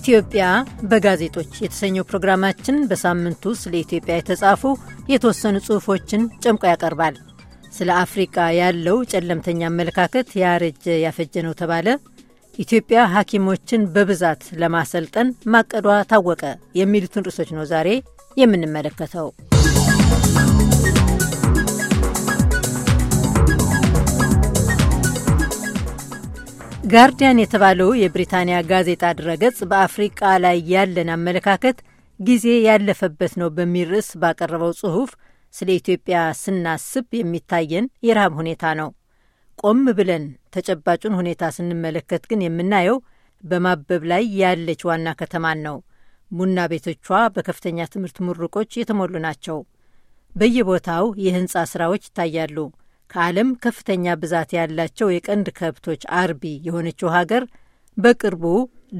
ኢትዮጵያ በጋዜጦች የተሰኘው ፕሮግራማችን በሳምንቱ ስለ ኢትዮጵያ የተጻፉ የተወሰኑ ጽሑፎችን ጨምቆ ያቀርባል። ስለ አፍሪቃ ያለው ጨለምተኛ አመለካከት ያረጀ ያፈጀ ነው ተባለ፣ ኢትዮጵያ ሐኪሞችን በብዛት ለማሰልጠን ማቀዷ ታወቀ፣ የሚሉትን ርዕሶች ነው ዛሬ የምንመለከተው። ጋርዲያን የተባለው የብሪታንያ ጋዜጣ ድረገጽ በአፍሪቃ ላይ ያለን አመለካከት ጊዜ ያለፈበት ነው በሚል ርዕስ ባቀረበው ጽሑፍ ስለ ኢትዮጵያ ስናስብ የሚታየን የረሃብ ሁኔታ ነው። ቆም ብለን ተጨባጩን ሁኔታ ስንመለከት ግን የምናየው በማበብ ላይ ያለች ዋና ከተማን ነው። ቡና ቤቶቿ በከፍተኛ ትምህርት ምሩቆች የተሞሉ ናቸው። በየቦታው የህንፃ ስራዎች ይታያሉ። ከዓለም ከፍተኛ ብዛት ያላቸው የቀንድ ከብቶች አርቢ የሆነችው ሀገር በቅርቡ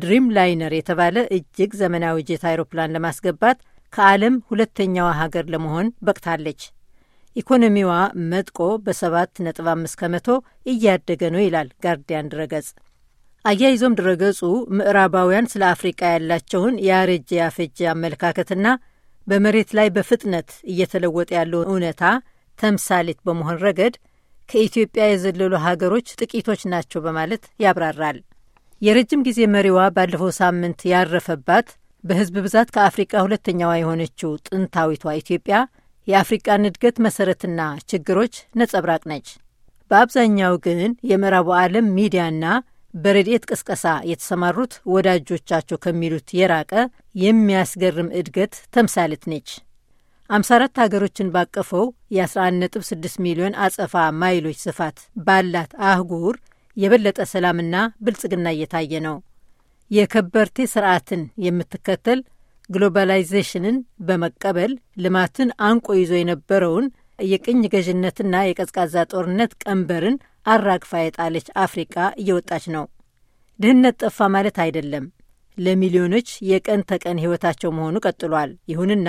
ድሪም ላይነር የተባለ እጅግ ዘመናዊ ጄት አይሮፕላን ለማስገባት ከዓለም ሁለተኛዋ ሀገር ለመሆን በቅታለች። ኢኮኖሚዋ መጥቆ በሰባት ነጥብ አምስት ከመቶ እያደገ ነው ይላል ጋርዲያን ድረገጽ። አያይዞም ድረገጹ ምዕራባውያን ስለ አፍሪቃ ያላቸውን ያረጀ ያፈጀ አመለካከትና በመሬት ላይ በፍጥነት እየተለወጠ ያለውን እውነታ ተምሳሌት በመሆን ረገድ ከኢትዮጵያ የዘለሉ ሀገሮች ጥቂቶች ናቸው በማለት ያብራራል። የረጅም ጊዜ መሪዋ ባለፈው ሳምንት ያረፈባት በህዝብ ብዛት ከአፍሪቃ ሁለተኛዋ የሆነችው ጥንታዊቷ ኢትዮጵያ የአፍሪቃን እድገት መሰረትና ችግሮች ነጸብራቅ ነች። በአብዛኛው ግን የምዕራቡ ዓለም ሚዲያና በረድኤት ቅስቀሳ የተሰማሩት ወዳጆቻቸው ከሚሉት የራቀ የሚያስገርም እድገት ተምሳሌት ነች። 54 ሀገሮችን ባቀፈው የ11.6 ሚሊዮን አጸፋ ማይሎች ስፋት ባላት አህጉር የበለጠ ሰላምና ብልጽግና እየታየ ነው። የከበርቴ ስርዓትን የምትከተል ግሎባላይዜሽንን በመቀበል ልማትን አንቆ ይዞ የነበረውን የቅኝ ገዥነትና የቀዝቃዛ ጦርነት ቀንበርን አራግፋ የጣለች አፍሪቃ እየወጣች ነው። ድህነት ጠፋ ማለት አይደለም፣ ለሚሊዮኖች የቀን ተቀን ሕይወታቸው መሆኑ ቀጥሏል። ይሁንና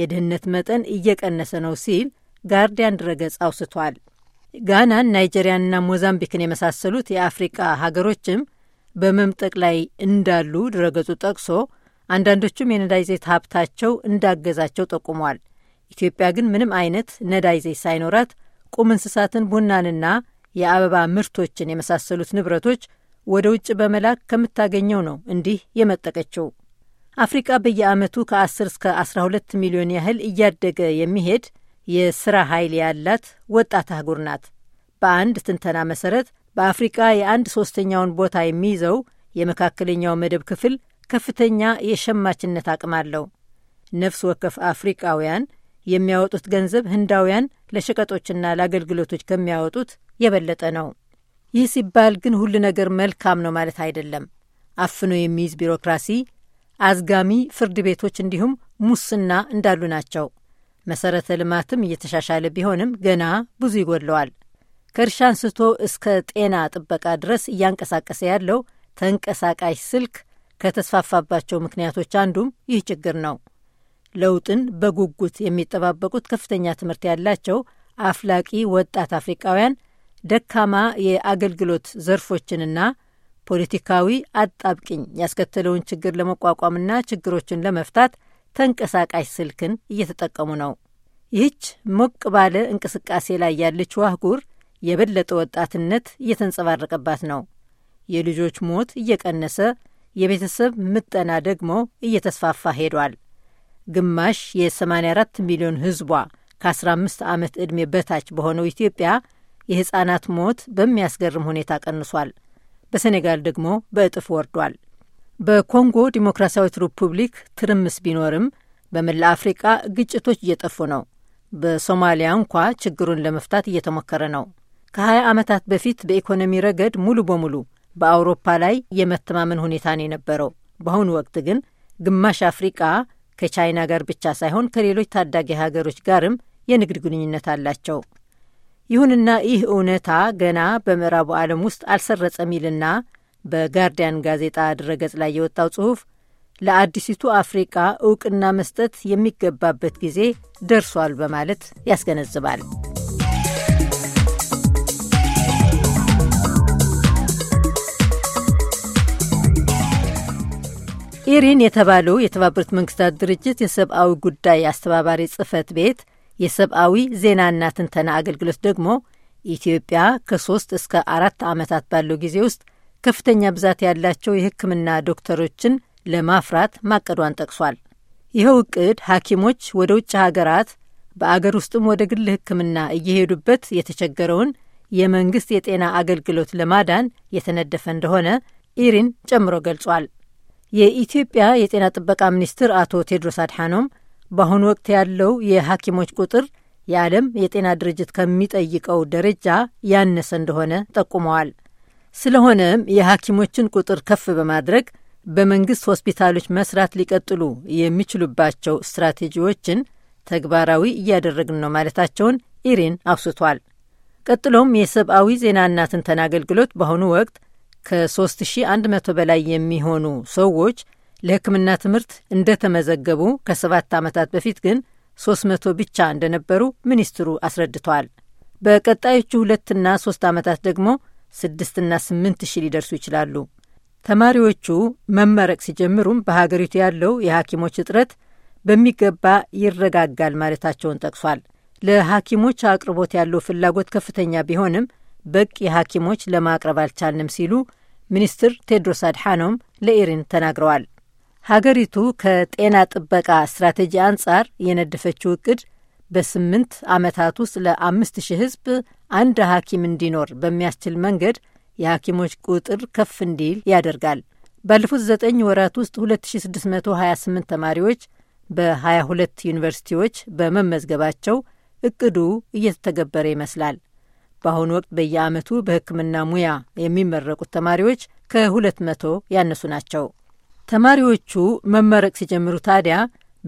የድህነት መጠን እየቀነሰ ነው ሲል ጋርዲያን ድረገጽ አውስቷል። ጋናን፣ ናይጄሪያንና ሞዛምቢክን የመሳሰሉት የአፍሪቃ ሀገሮችም በመምጠቅ ላይ እንዳሉ ድረገጹ ጠቅሶ አንዳንዶቹም የነዳጅ ዘይት ሀብታቸው እንዳገዛቸው ጠቁሟል። ኢትዮጵያ ግን ምንም አይነት ነዳጅ ዘይት ሳይኖራት ቁም እንስሳትን፣ ቡናንና የአበባ ምርቶችን የመሳሰሉት ንብረቶች ወደ ውጭ በመላክ ከምታገኘው ነው እንዲህ የመጠቀችው። አፍሪቃ በየዓመቱ ከ10 እስከ 12 ሚሊዮን ያህል እያደገ የሚሄድ የሥራ ኃይል ያላት ወጣት አህጉር ናት። በአንድ ትንተና መሰረት በአፍሪቃ የአንድ ሶስተኛውን ቦታ የሚይዘው የመካከለኛው መደብ ክፍል ከፍተኛ የሸማችነት አቅም አለው። ነፍስ ወከፍ አፍሪቃውያን የሚያወጡት ገንዘብ ህንዳውያን ለሸቀጦችና ለአገልግሎቶች ከሚያወጡት የበለጠ ነው። ይህ ሲባል ግን ሁሉ ነገር መልካም ነው ማለት አይደለም። አፍኖ የሚይዝ ቢሮክራሲ አዝጋሚ ፍርድ ቤቶች፣ እንዲሁም ሙስና እንዳሉ ናቸው። መሰረተ ልማትም እየተሻሻለ ቢሆንም ገና ብዙ ይጎድለዋል። ከእርሻ አንስቶ እስከ ጤና ጥበቃ ድረስ እያንቀሳቀሰ ያለው ተንቀሳቃሽ ስልክ ከተስፋፋባቸው ምክንያቶች አንዱም ይህ ችግር ነው። ለውጥን በጉጉት የሚጠባበቁት ከፍተኛ ትምህርት ያላቸው አፍላቂ ወጣት አፍሪቃውያን ደካማ የአገልግሎት ዘርፎችንና ፖለቲካዊ አጣብቅኝ ያስከተለውን ችግር ለመቋቋምና ችግሮችን ለመፍታት ተንቀሳቃሽ ስልክን እየተጠቀሙ ነው። ይህች ሞቅ ባለ እንቅስቃሴ ላይ ያለች ዋህጉር የበለጠ ወጣትነት እየተንጸባረቀባት ነው። የልጆች ሞት እየቀነሰ የቤተሰብ ምጠና ደግሞ እየተስፋፋ ሄዷል። ግማሽ የ84 ሚሊዮን ሕዝቧ ከ15 ዓመት ዕድሜ በታች በሆነው ኢትዮጵያ የሕፃናት ሞት በሚያስገርም ሁኔታ ቀንሷል። በሴኔጋል ደግሞ በእጥፍ ወርዷል። በኮንጎ ዲሞክራሲያዊት ሪፑብሊክ ትርምስ ቢኖርም በመላ አፍሪቃ ግጭቶች እየጠፉ ነው። በሶማሊያ እንኳ ችግሩን ለመፍታት እየተሞከረ ነው። ከ20 ዓመታት በፊት በኢኮኖሚ ረገድ ሙሉ በሙሉ በአውሮፓ ላይ የመተማመን ሁኔታ ነው የነበረው። በአሁኑ ወቅት ግን ግማሽ አፍሪቃ ከቻይና ጋር ብቻ ሳይሆን ከሌሎች ታዳጊ ሀገሮች ጋርም የንግድ ግንኙነት አላቸው። ይሁንና ይህ እውነታ ገና በምዕራቡ ዓለም ውስጥ አልሰረጸም ይልና በጋርዲያን ጋዜጣ ድረገጽ ላይ የወጣው ጽሑፍ ለአዲሲቱ አፍሪቃ እውቅና መስጠት የሚገባበት ጊዜ ደርሷል በማለት ያስገነዝባል። ኢሪን የተባለው የተባበሩት መንግስታት ድርጅት የሰብአዊ ጉዳይ አስተባባሪ ጽህፈት ቤት የሰብአዊ ዜናና ትንተና አገልግሎት ደግሞ ኢትዮጵያ ከሶስት እስከ አራት ዓመታት ባለው ጊዜ ውስጥ ከፍተኛ ብዛት ያላቸው የሕክምና ዶክተሮችን ለማፍራት ማቀዷን ጠቅሷል። ይኸው እቅድ ሐኪሞች ወደ ውጭ ሀገራት በአገር ውስጥም ወደ ግል ሕክምና እየሄዱበት የተቸገረውን የመንግሥት የጤና አገልግሎት ለማዳን የተነደፈ እንደሆነ ኢሪን ጨምሮ ገልጿል። የኢትዮጵያ የጤና ጥበቃ ሚኒስትር አቶ ቴድሮስ አድሓኖም በአሁኑ ወቅት ያለው የሐኪሞች ቁጥር የዓለም የጤና ድርጅት ከሚጠይቀው ደረጃ ያነሰ እንደሆነ ጠቁመዋል። ስለሆነም የሐኪሞችን ቁጥር ከፍ በማድረግ በመንግሥት ሆስፒታሎች መስራት ሊቀጥሉ የሚችሉባቸው ስትራቴጂዎችን ተግባራዊ እያደረግን ነው ማለታቸውን ኢሪን አብስቷል። ቀጥሎም የሰብአዊ ዜናና ትንተና አገልግሎት በአሁኑ ወቅት ከ3100 በላይ የሚሆኑ ሰዎች ለሕክምና ትምህርት እንደተመዘገቡ ከሰባት ዓመታት በፊት ግን 300 ብቻ እንደነበሩ ሚኒስትሩ አስረድተዋል። በቀጣዮቹ ሁለትና ሶስት ዓመታት ደግሞ ስድስትና ስምንት ሺህ ሊደርሱ ይችላሉ። ተማሪዎቹ መመረቅ ሲጀምሩም በሀገሪቱ ያለው የሐኪሞች እጥረት በሚገባ ይረጋጋል ማለታቸውን ጠቅሷል። ለሐኪሞች አቅርቦት ያለው ፍላጎት ከፍተኛ ቢሆንም በቂ ሐኪሞች ለማቅረብ አልቻልንም ሲሉ ሚኒስትር ቴድሮስ አድሓኖም ለኢሪን ተናግረዋል። ሀገሪቱ ከጤና ጥበቃ ስትራቴጂ አንጻር የነደፈችው እቅድ በስምንት ዓመታት ውስጥ ለአምስት ሺህ ህዝብ አንድ ሐኪም እንዲኖር በሚያስችል መንገድ የሐኪሞች ቁጥር ከፍ እንዲል ያደርጋል። ባለፉት ዘጠኝ ወራት ውስጥ 2628 ተማሪዎች በ22 ዩኒቨርሲቲዎች በመመዝገባቸው እቅዱ እየተተገበረ ይመስላል። በአሁኑ ወቅት በየዓመቱ በሕክምና ሙያ የሚመረቁት ተማሪዎች ከ200 ያነሱ ናቸው። ተማሪዎቹ መመረቅ ሲጀምሩ ታዲያ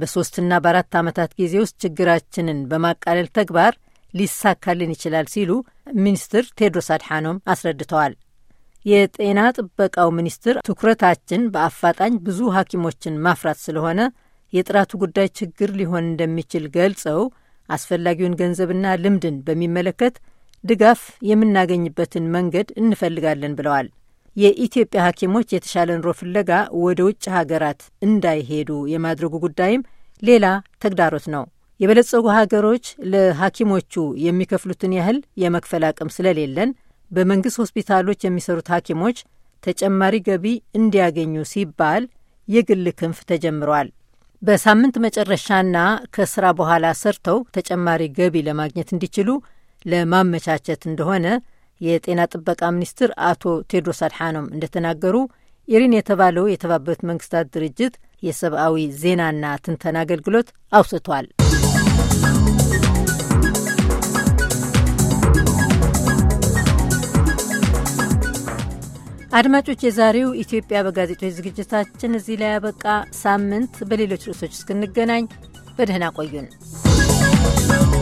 በሶስትና በአራት ዓመታት ጊዜ ውስጥ ችግራችንን በማቃለል ተግባር ሊሳካልን ይችላል ሲሉ ሚኒስትር ቴድሮስ አድሓኖም አስረድተዋል። የጤና ጥበቃው ሚኒስትር ትኩረታችን በአፋጣኝ ብዙ ሐኪሞችን ማፍራት ስለሆነ የጥራቱ ጉዳይ ችግር ሊሆን እንደሚችል ገልጸው አስፈላጊውን ገንዘብና ልምድን በሚመለከት ድጋፍ የምናገኝበትን መንገድ እንፈልጋለን ብለዋል። የኢትዮጵያ ሐኪሞች የተሻለ ኑሮ ፍለጋ ወደ ውጭ ሀገራት እንዳይሄዱ የማድረጉ ጉዳይም ሌላ ተግዳሮት ነው። የበለጸጉ ሀገሮች ለሐኪሞቹ የሚከፍሉትን ያህል የመክፈል አቅም ስለሌለን በመንግሥት ሆስፒታሎች የሚሰሩት ሐኪሞች ተጨማሪ ገቢ እንዲያገኙ ሲባል የግል ክንፍ ተጀምሯል። በሳምንት መጨረሻና ከስራ በኋላ ሰርተው ተጨማሪ ገቢ ለማግኘት እንዲችሉ ለማመቻቸት እንደሆነ የጤና ጥበቃ ሚኒስትር አቶ ቴድሮስ አድሓኖም እንደተናገሩ ኢሪን የተባለው የተባበሩት መንግስታት ድርጅት የሰብአዊ ዜናና ትንተና አገልግሎት አውስቷል። አድማጮች፣ የዛሬው ኢትዮጵያ በጋዜጦች ዝግጅታችን እዚህ ላይ ያበቃ። ሳምንት በሌሎች ርዕሶች እስክንገናኝ በደህና ቆዩን።